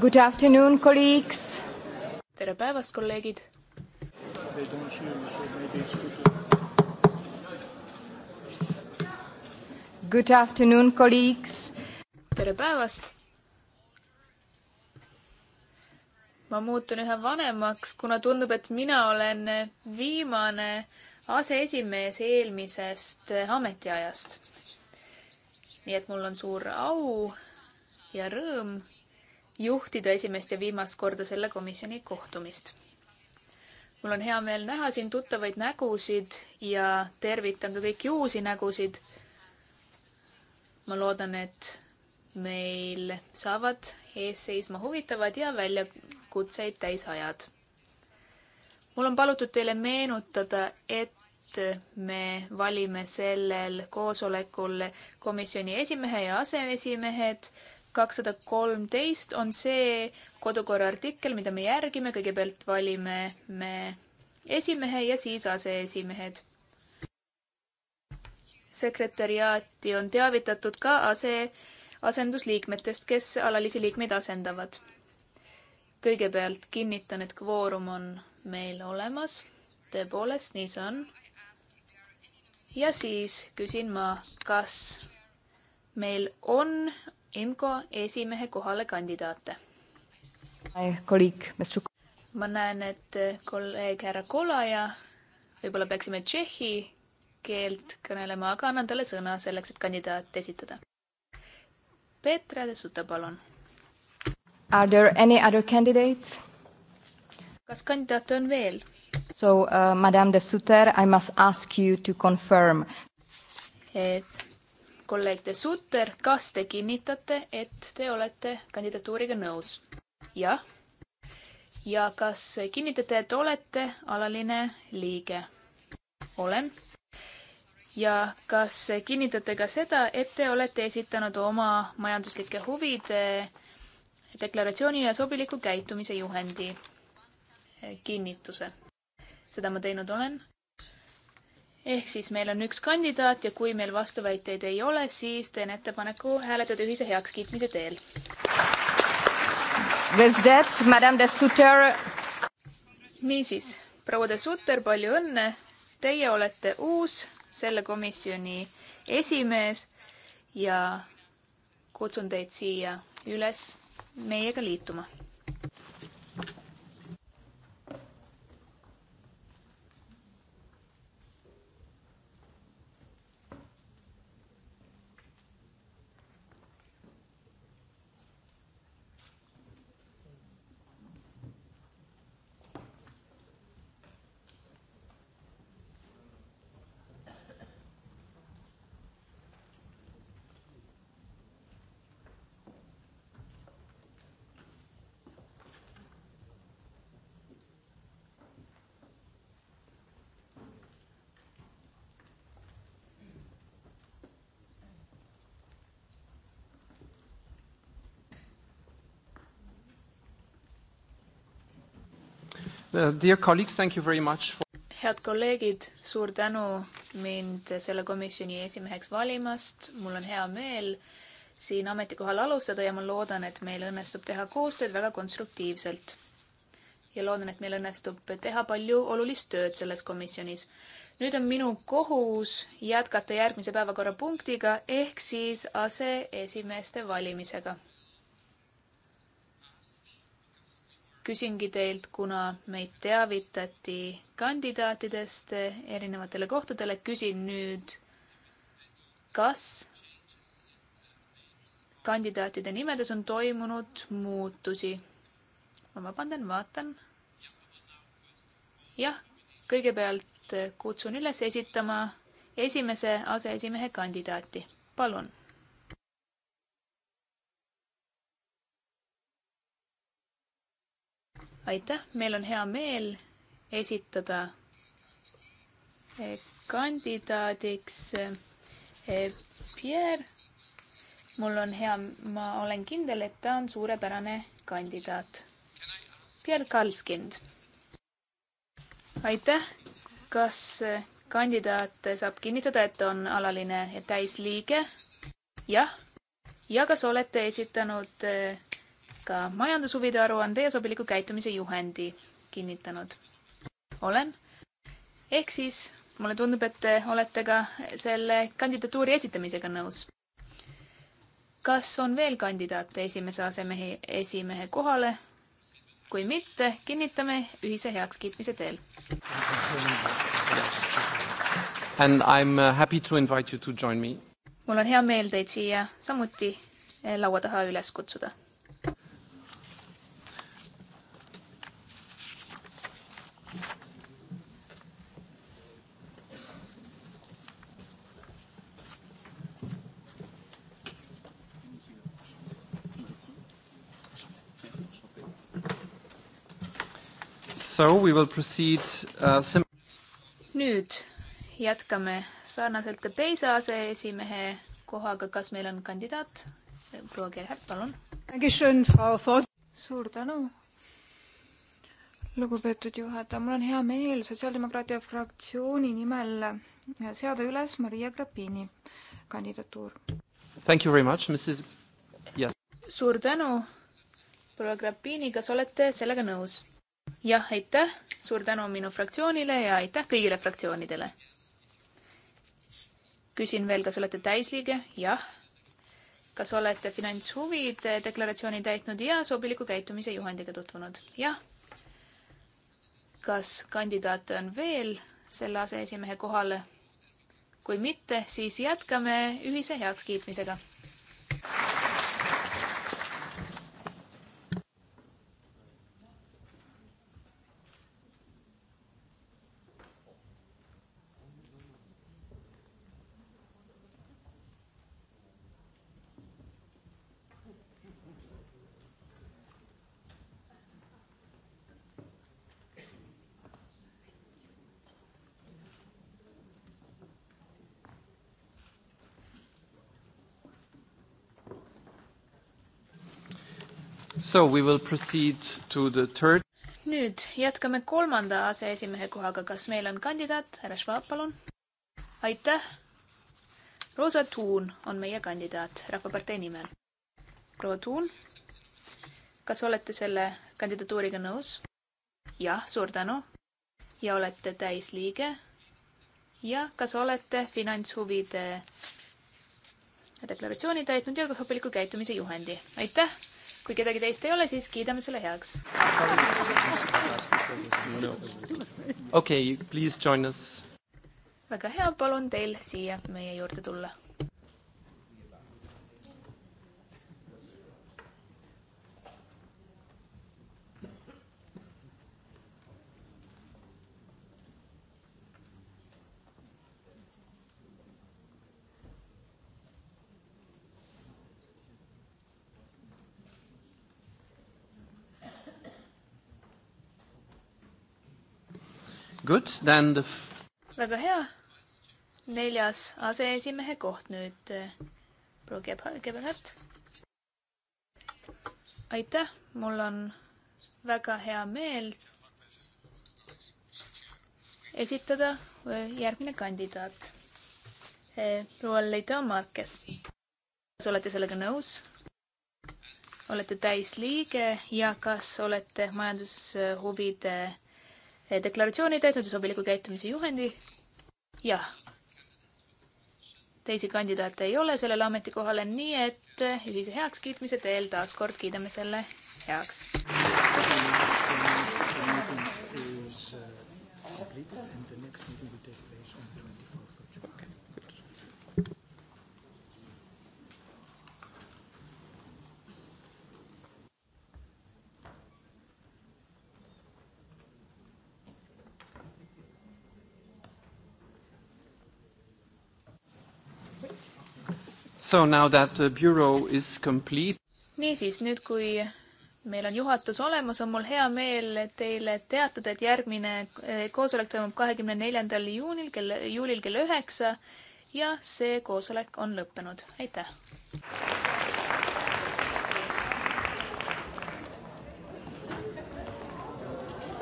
Good afternoon, colleagues. tere päevast, kolleegid. Good afternoon, colleagues. tere päevast. ma muutun üha vanemaks, kuna tundub, et mina olen viimane aseesimees eelmisest ametiajast. nii et mul on suur au ja rõõm juhtida esimest ja viimast korda selle komisjoni kohtumist. mul on hea meel näha siin tuttavaid nägusid ja tervitan ka kõiki uusi nägusid. ma loodan, et meil saavad ees seisma huvitavad ja väljakutseid täis ajad. mul on palutud teile meenutada, et me valime sellel koosolekul komisjoni esimehe ja aseesimehed kakssada kolmteist on see kodukorra artikkel, mida me järgime, kõigepealt valime me esimehe ja siis aseesimehed. sekretäriaati on teavitatud ka ase, asendusliikmetest, kes alalisi liikmeid asendavad. kõigepealt kinnitan, et kvoorum on meil olemas. tõepoolest, nii see on. ja siis küsin ma, kas meil on IMCO esimehe kohale kandidaate. ma näen, et kolleeg härra Kolaja, võib-olla peaksime tšehhi keelt kõnelema, aga annan talle sõna selleks, et kandidaat esitada. Petra Tessuta, palun. Are there any other candidates? kas kandidaate on veel? So uh, Madame de Sutter, I must ask you to confirm. et kolleeg De Sutter, kas te kinnitate, et te olete kandidatuuriga nõus? jah. ja kas kinnitate, et olete alaline liige? olen. ja kas kinnitate ka seda, et te olete esitanud oma majanduslike huvide deklaratsiooni ja sobiliku käitumise juhendi kinnituse? seda ma teinud olen ehk siis meil on üks kandidaat ja kui meil vastuväiteid ei ole, siis teen ettepaneku hääletada ühise heakskiitmise teel. niisiis, proua de Sutter, palju õnne. Teie olete uus selle komisjoni esimees ja kutsun teid siia üles meiega liituma Uh, head kolleegid, suur tänu mind selle komisjoni esimeheks valimast. mul on hea meel siin ametikohal alustada ja ma loodan, et meil õnnestub teha koostööd väga konstruktiivselt. ja loodan, et meil õnnestub teha palju olulist tööd selles komisjonis. nüüd on minu kohus jätkata järgmise päevakorrapunktiga ehk siis aseesimeeste valimisega küsingi teilt, kuna meid teavitati kandidaatidest erinevatele kohtadele, küsin nüüd, kas kandidaatide nimedes on toimunud muutusi? ma vabandan, vaatan. jah, kõigepealt kutsun üles esitama esimese aseesimehe kandidaati, palun aitäh, meil on hea meel esitada eh, kandidaadiks eh, Pierre. mul on hea, ma olen kindel, et ta on suurepärane kandidaat. Pierre Kalskind. aitäh. kas eh, kandidaat saab kinnitada, et on alaline täisliige? jah. ja kas olete esitanud ka majandushuvide aruande ja sobiliku käitumise juhendi kinnitanud. olen. ehk siis mulle tundub, et te olete ka selle kandidatuuri esitamisega nõus. kas on veel kandidaate esimese asemehe, esimehe kohale? kui mitte, kinnitame ühise heakskiitmise teel. And I am uh, happy to invite you to join me. mul on hea meel teid siia samuti eh, laua taha üles kutsuda So we will proceed uh, sim-. nüüd jätkame sarnaselt ka teise aseesimehe kohaga, kas meil on kandidaat? proua Gerhard, palun. suur tänu, lugupeetud juhataja, mul on hea meel Sotsiaaldemokraatia fraktsiooni nimel seada üles Maria Grapini kandidatuur. Thank you very much, Mrs yes.. suur tänu, proua Grapini, kas olete sellega nõus? jah, aitäh, suur tänu minu fraktsioonile ja aitäh kõigile fraktsioonidele. küsin veel, kas olete täisliige? jah. kas olete finantshuvide deklaratsiooni täitnud ja sobiliku käitumise juhendiga tutvunud? jah. kas kandidaate on veel selle aseesimehe kohale? kui mitte, siis jätkame ühise heakskiitmisega So we will proceed to the third. nüüd jätkame kolmanda aseesimehe kohaga, kas meil on kandidaat, härra Švaab, palun. aitäh. Rosa Tuun on meie kandidaat Rahvapartei nimel. proua Tuun, kas olete selle kandidatuuriga nõus? jah, suur tänu. ja olete täisliige? ja kas olete finantshuvide deklaratsiooni täitnud ja sobiliku käitumise juhendi? aitäh kui kedagi teist ei ole, siis kiidame selle heaks. okei okay,, please join us. väga hea, palun teil siia meie juurde tulla Good, then the... väga hea. neljas aseesimehe koht nüüd. Eh, proua Gebhardt. aitäh, mul on väga hea meel esitada eh, järgmine kandidaat. Eh, proua Leida Markes. kas olete sellega nõus? olete täisliige ja kas olete majandushuvide Eh, deklaratsiooni täitnud ja sobiliku käitumise juhendi. jah. teisi kandidaate ei ole sellele ametikohale, nii et eh, ühise heakskiitmise teel taas kord kiidame selle heaks. Is, uh, completed and the next meeting will take place on 20. So now that the uh, bureau is complete. niisiis, nüüd kui meil on juhatus olemas, on mul hea meel teile teatada, et järgmine eh, koosolek toimub kahekümne neljandal juunil kell, juulil kell üheksa ja see koosolek on lõppenud. aitäh!